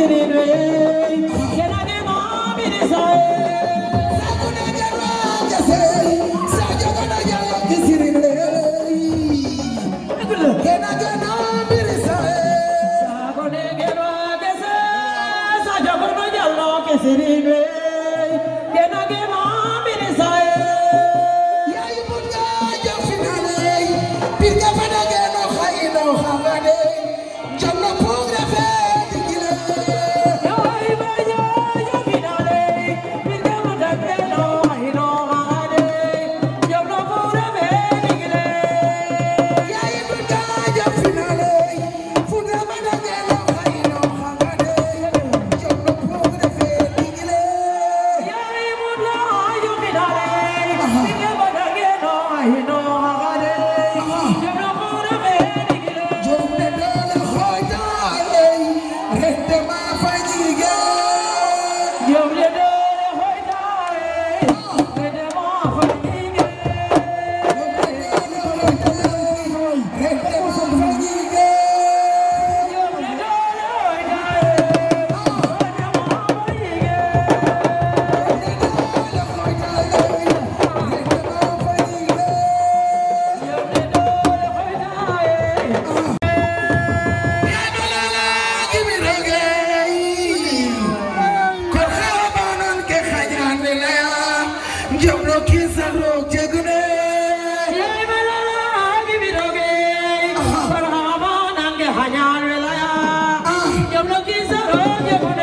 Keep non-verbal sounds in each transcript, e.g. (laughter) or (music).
Sitting you know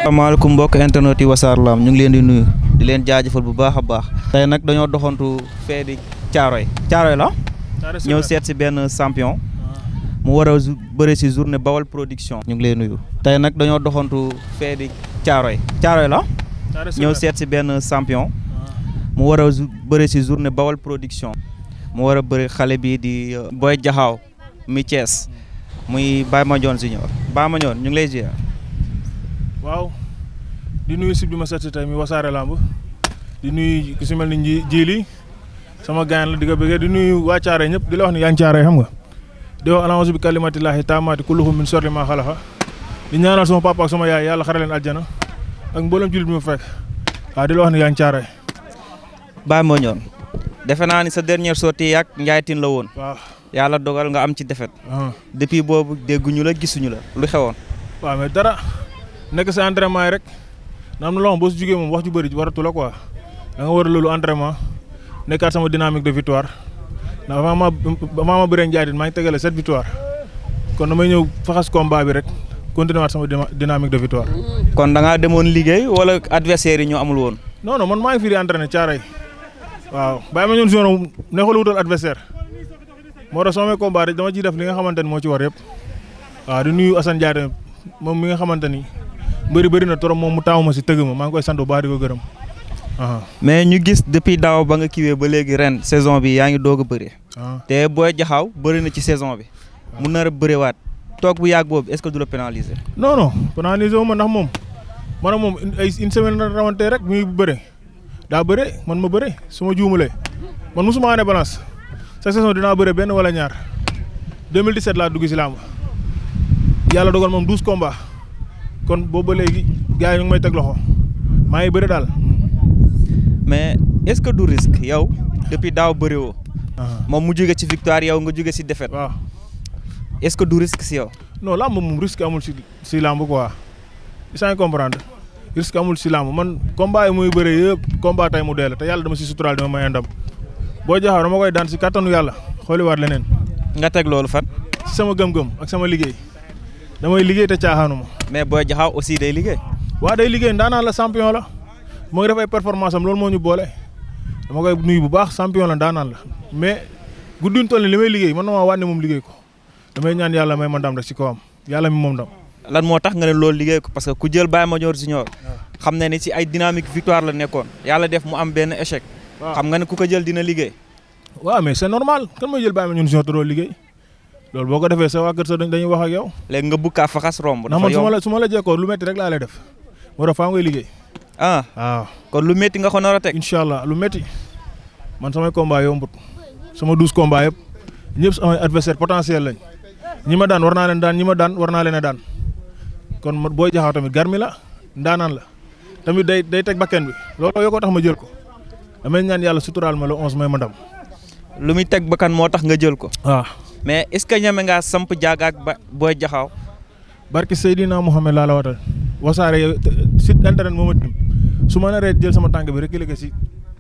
asalaamaaleykum mbokk internet yi wasaar laam ñu ngi leen di nuyu di leen jaajëfal bu baax a baax tey nag dañoo doxantu fee di Caaroy Caaroy la ñëw seet si benn sampion mu war a bëre si journée Bawal production ñu ngi lay nuyu tey nag dañoo doxantu fee di Caaroy Caaroy la ñëw seet si benn champion mu war a bëre si journée Bawal production mu war a bëri xale bi di euh, booy Jaxaaw mi Thiès muy Baye Mandione Junior Baye Mandione ñu ngi lay waaw di nuyu sib bi ma set si tey mi wasaare làmb di nuyu ku si mel ni ji sama gaañ la di ko bëggee di nuyu waa Caaroy ñëpp di la wax ne yaa xam nga di wax bi kalimatillahi taamaati kulluhum min sharri maa xalaqa di ñaanal sama papa ak sama yaay yàlla xare leen aljana ak mboolem jullit bi ma fekk waaw di la wax ne yaa ngi Caaroy. Baye defe naa ni sa dernière sortie yaag Ndiaye Tine la woon. waaw yàlla dogal nga am ci defet. Ah. depuis boobu dégguñu la gisuñu la lu xewoon. waaw mais dara. nekk sa entraînement yi rek naa am na loo xam boo si jugee moom wax ju bëri waratu la quoi da nga war a loolu entraînement nekkaat sama dynamique de victoire ndax avant ma avant ma bëree Ndiaye maa ngi tegale sept victoire kon na may ñëw faxas combat bi rek continuer waat sama dynamique de victoire. kon da ngaa demoon liggéey wala adversaire yi ñoo amul woon. noonu man maa ngi fi di entraîné caaray waaw bàyyi ma ñoon zone neexul wutal adversaire moo tax sama dama ciy def li nga xamante ni moo ci war yëpp waaw di nuyu Assane Ndiaye moom mi nga xamante ni. mbëri bëri na trop moom mu taamu ma si tëgg ma maa ngi koy sant bu baax di ko gërëm. mais ñu gis depuis daaw ba nga kiiwee ba léegi ren saison bi yaa ngi doog a bëri. Ah. te booy jaxaw bëri na ci saison bi. Ah. mu nar a bëriwaat toog bu yàgg boobu est-ce que du la pénaliser. non non pénaliser wu moom man moom ay une semaine la rawante rek muy bëre daa bëre man ma bëri su ma juumalee man mosuma ne balance sa saison dinaa bëri benn wala ñaar 2017 laa dugg si làmb yàlla dogal moom 12 combats. kon boobu ba léegi gars yi ñu may teg loxo maa ngi bëri daal. mais est-ce que du risque yow depuis daaw bëri woo. Ah. moom mu jóge ci victoire yow nga jóge si defet waaw est-ce que du risque si yow. non làmb moom risque amul si si làmb quoi. sans comprendre risque amul si làmb man combat yi muy bëre yëpp combat tey mu dee la te yàlla dama si suturaal dama may ndam boo jaxaw dama koy daan si kattanu yàlla war leneen. nga teg loolu fan. sama gëm-gëm ak sama liggéey. damay liggéey te caaxaanuma mais Boy Diakhao aussi day liggéey. waa day liggéey ndaanaan la champion la mu ngi def ay performance am loolu moo ñu boole dama koy nuyu bu baax champion la ndaanaan la mais gudduñ toll ni li may liggéey man maa wànne moom liggéey ko damay ñaan yàlla may ma ndam rek ci kawam yàlla mi moom ndam. lan moo tax nga ne loolu liggéey ko parce que ku jël Baye Major Junior ah. xam na ne ci ay dynamique victoire la nekkoon yàlla def mu am benn échec. Ah. xam nga ne ku ko jël dina liggéey. waaw mais c'est normal kan jël Baye Major Junior liggéey. loolu boo ko defee sa waa kër sa dañuy wax a yow. léegi nga bukkaa faxas romb. dafa yow man su ma la ma la jekkoo lu métti rek laa lay def. moo tax faa ngay liggéey. ah kon lu métti nga ko nar a teg. incha allah lu metti man samay combat yombut sama douze combat yëpp ñëpp samay adversaire potentiel lañ ñi ma daan war naa leen daan ñi ma daan war naa leen a daan kon booy jaxaw tamit garmi la ndaanaan la tamit day day teg bakken bi looloo yoo tax ma jël ko damay ñaan yàlla suturaal ma le onze may ma ndam. lu muy teg bakkan moo tax nga jël ko. waaw. mais est ce que ñeme ngaa samp jaaga ak ba booy jaxaaw. barki Seydina Mohamed laa la watal wasaare site internet moo ma tim su ma naree jël sama tànk bi reculer ko si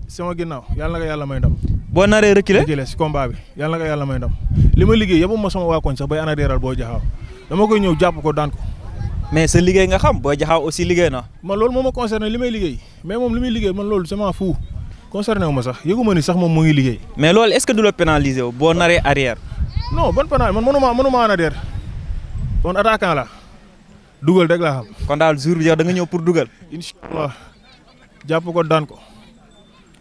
sama ginnaaw yàlla na ko yàlla may ndam. boo naree reculer reculer si combat bi yàlla na ko yàlla may ndam. li ma liggéey yëpp ma sama waa sax bay anadeeral booy jaxaaw dama koy ñëw jàpp ko daan ko. mais sa liggéey nga xam booy jaxaaw aussi liggéey na. man loolu moo ma concerné li may liggéey mais moom li muy liggéey man loolu sama fou concerné ma liggéey. mais loolu est ce que du la pénaliser wu non ban penalty man mënuma mënuma en arrière kon attaquant la dugal rek laa xam. kon daal jour bi yow da nga ñëw pour dugal. incha allah jàpp ko daan ko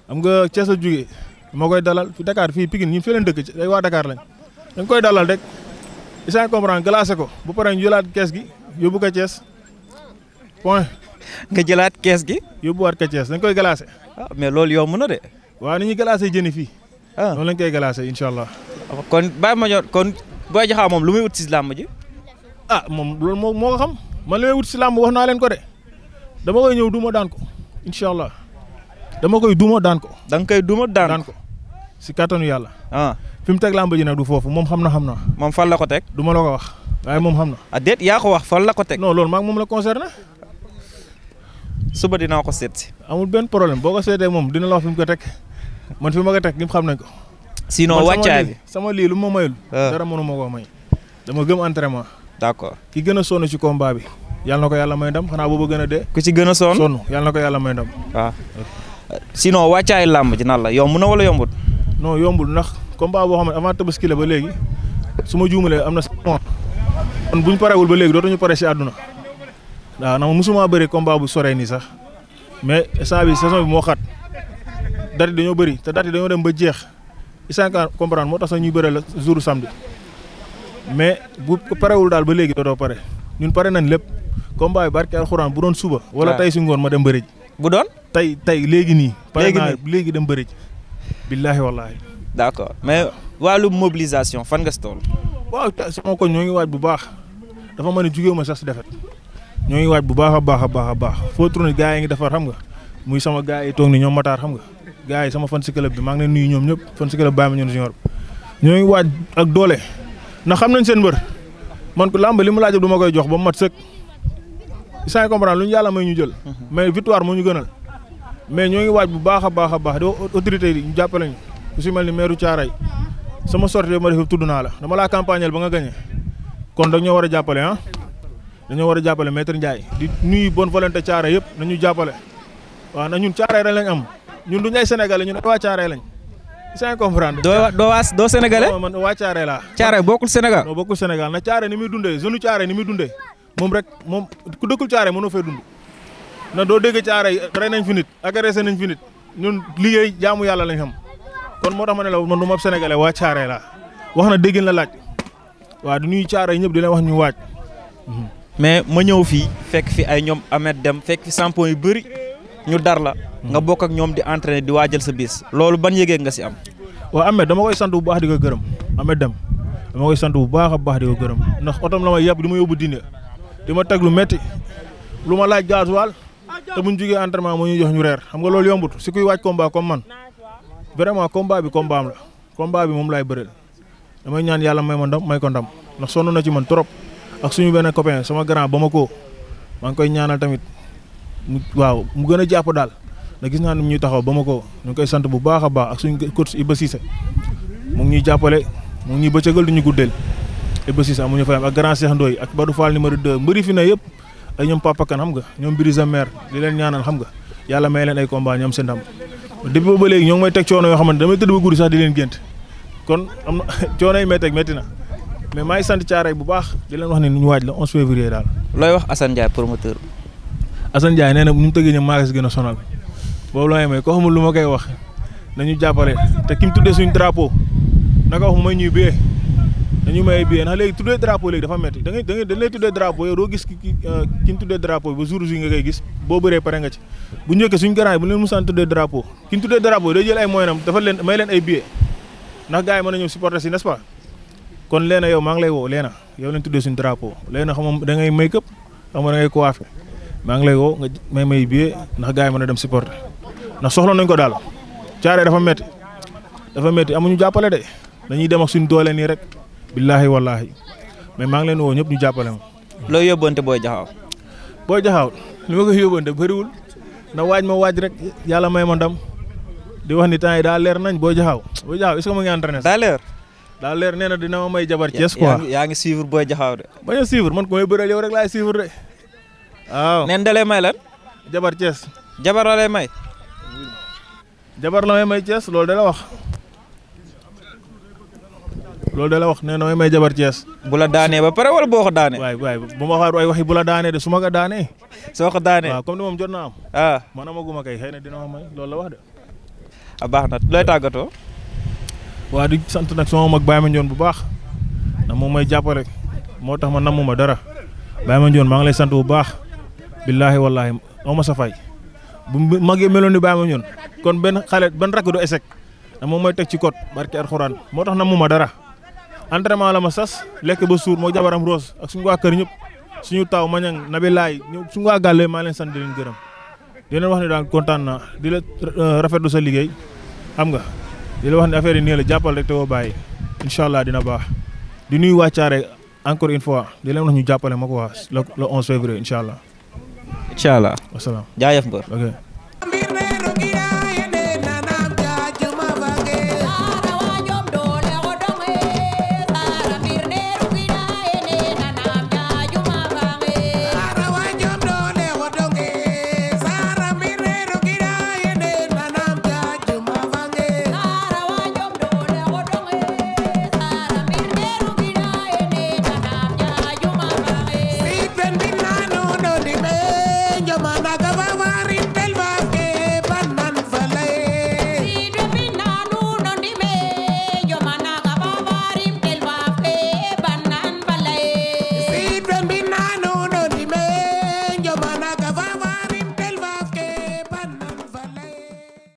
xam nga Cees a jugee moo koy dalal fi Dakar fii Pikine ñun fii leen dëkk ci ay waa Dakar lañ dañ koy dalal rek isa comprendre glacé ko bu pare ñu jëlaat kees gi yóbbu ka Cees point. nga jëlaat kees gi. yóbbuwaat ko Cees dañ koy glacé. ah mais loolu mën na de. waaw ni ñuy glacé jëni fii. ah noonu koy galaasee incha allah. kon Baye Mandione kon Boy Jaxaaw moom lu muy ut si làmb ji. ah moom loolu moo moo ko xam man li may ut si làmb wax naa leen ko de dama koy ñëw duma daan ko incha allah dama koy duma daan ko. da koy duma daan ko si kattanu yàlla. ah fi mu teg làmb ji nag du foofu moom xam na xam na. moom fan la ko teg. du la ko wax waaye moom xam na. ah déet yaa ko wax fan la ko teg. non loolu maag moom la concerné. suba dinaa ko seet si. amul benn problème boo ko seetee moom dina la wax mu ko teg. man fi ma ko teg ñëpp xam nañ ko. sinon wàccaay bi sama lii lu ma mayul. Ah. dara mënu may. dama gëm entraînement. d'accord ki gën a sonn ci combat bi. yàlla ko yàlla may ndam xanaa booba gën a dee. ku gën a sonn sonn ko yàlla may ndam. Ah. sinon wàccaay làmb ji nan la yomb na wala yombul. non yombul ndax combat boo xam ne avant tabaski ba léegi su ma juumalee am na mois. kon bu ñu parewul ba léegi dootuñu pare si adduna waaw na ma mosuma bëri combat bu soree nii sax mais saa bi saison bi moo xat. date dañoo bëri te date yi dañoo dem ba jeex isaan comprendre moo tax sax ñuy bëre la jour samedi mais bu parewul daal ba léegi dootoo pare ñun pare nañ lépp combat yi barke alxuraan bu doon suba. wala tey si ngoon ma dem bëri bu doon tey tey léegi nii. pare naa léegi dem bëri ji. billaahi wallaahi. d' accord mais wàllu mobilisation fan nga si tool. waaw sama ko ñoo ngi bu baax dafa mën a jugee ma sax si defet ñoo ngi bu baax a baax a baax baax foo tourné gars yi ngi defar xam nga muy sama gars yi toog ni ñoom mataar xam nga. gars yi sama fan si club bi maa ngi leen ñoom ñëpp fan si club Baye Mandione Junior ñoo ngi waaj ak doole na xam nañ seen mbër man ko làmb li mu laaj duma koy jox ba mu mat sëkk sans comprendre lu ñu yàlla may ñu jël. Mhm. mais victoire moo ñu gënal mais ñoo ngi waaj bu baax a baax a baax di autorité yi ñu jàppale ñu ku si mel ni maire Thiaray sama sortie ma def tudd naa la dama laa campagneel ba nga gagné kon dañoo war a jàppale ah dañoo war a jàppale maître Ndiaye di nuyu bonne volonté Thiaray yëpp nañu jàppale waaw na ñun Thiaray rek lañ am. ñun duñu ay sénégalais ñun waa Thiaré lañ. sans comprendre. doo wa doo waa doo sénégalais. man waa Thiaré laa. Thiaré bokkul Sénégal. non bokkul Sénégal na Thiaré ni muy dundee zone caare ni muy dundee moom rek moom ku dëkkul Thiaré mënoo fay dund. na doo dégg Thiaré rey nañ fi nit agressé nañ fi nit ñun liggéey jaamu yàlla lañ xam kon moo dax ma ne la man du ma sénégalais waa la wax na dégg la laaj waaw du ñuy Thiaré ñëpp di leen wax ñu waaj. mais ma ñëw fii fekk fi ay ñoom Ahmed dem fekk fi sampo yu bëri. ñu dar la. nga bokk ak ñoom di entraîner di waajal sa bis. loolu ban yëgee nga si am. waaw amee dama koy sant bu baax di ko gërëm amee Deme dama koy sant bu baax a baax di ko gërëm ndax otom la ma yàpp di ma yóbbu dine di ma teg lu metti lu ma laaj gasoil te bu ñu jugee entraînement moo ñu jox ñu reer xam nga loolu yombut si kuy waaj combat comme man vraiment combat bi combat la combat bi moom laay bëreel damay ñaan yàlla may ma ndam may kondam ndam ndax sonn na ci man trop suñu benn copain sama grand ba ma ko maa ngi koy ñaanal tamit waaw mu gën a jàpp daal na gis naa ni ñuy taxaw ba ma ko ñu koy sant bu baax a baax ak suñu coach Iba Cissé mu ngi ñuy jàppale mu ngi ba bëccëgal du ñu guddeel Iba Cissé amuñu fayam ak grand Cheikh Ndoye ak Badou Fall numéro 2 mbëri fi na yëpp ay ñoom Papa Kane xam nga ñoom Birisa Mer li leen ñaanal xam nga yàlla may leen ay combat ñoom seen ba léegi ñoo ngi may teg coono yoo xamante damay tëdd ba guddi sax di leen gént kon am na (laughs) coono yi may teg métti mais sant caaray bu baax di leen wax ne ñu waaj la 11 février daal. looy wax Assane Ndiaye promoteur Assane Ndiaye nee na ñu mu tëggee ñoom maa ngi si gën a sonal boobu la may may koo xamul lu ma koy wax nañu jàppale te ki mu tuddee suñu drapeau naka wax mooy ñuy dañu may biyee ndax léegi tuddee drapeau dafa metti da ngay da ngay dañ gis ki euh, ki mu tuddee drapeau ba nga koy gis boo bëree pare nga ci bu njëkkee suñu garant bu leen musaan tuddee drapeau ki mu tuddee drapeau day jël ay moyenam dafa leen may leen ay billets ndax yi mën na ñëw supporter si n'est-ce kon leena yow maa ngi lay woo leena yow leen tuddee suñu drapeau leena xam da ngay make up xam da ko coiffé maa ngi lay woo nga may may billet ndax gars yi mën a dem supporter na soxla nañ ko daal caare dafa metti dafa metti amuñu jàppale de dañuy dem ak suñu doole nii rek billaahi wallaahi mais maa ngi leen woo ñëpp ñu jàppale ma. loo yóbbante boo jaxaaw. boo jaxaaw li ma koy yóbbante bëriwul na waaj ma waaj rek yàlla may ma ndam di wax ni temps yi daa leer nañ booy jaxaaw booy jaxaaw est-ce que mu leer. daa leer nee na dina ma may jabar Thiès quoi yaa ngi suivre boo jaxaaw de. bañ a suivre man ku may bëral yow rek laay suivre de. waaw neen da may lan. jabar Thiès. jabar la may. jabar la may may Thiès loolu da wax. lool da wax nee na may may jabar Thiès. bu la daanee ba pare wala boo ko daane waay waay bu ma waxaat ay waxi bu la daanee de suma ka ko daanee. soo ko daanee waaw comme moom jot naa am. ah man kay xëy na dina ma may loolu la wax de. a ah, baax na looy tàggatoo. waa di sant nag sama mag ma Mandione bu baax ndax moom may jàpp rek moo tax ma nammuma dara Baye Mandione maa ngi lay sant bu baax. billaahi wallaahi ma sa fay bu mag yi meloon ni baa ma kon benn xale benn rakk du échec moom mooy teg ci code barki alxuraan moo tax na mu ma dara entraînement la ma sas lekk ba suur moo jabaram Rose ak suñu waa kër ñëpp suñu taw mañang nabi laay ñëw suñu waa gàlle maa leen sant di leen gërëm dina wax ne daal kontaan na di la euh, rafetlu sa liggéey xam nga dina wax ne affaire yi nii la jàppal rek te woo bàyyi incha allah dina baax di nuyu waa Thiaré encore une fois di leen wax ñu jàppale ma ko waa le incha allah. incha allah. wasalaam jaajëf mbër.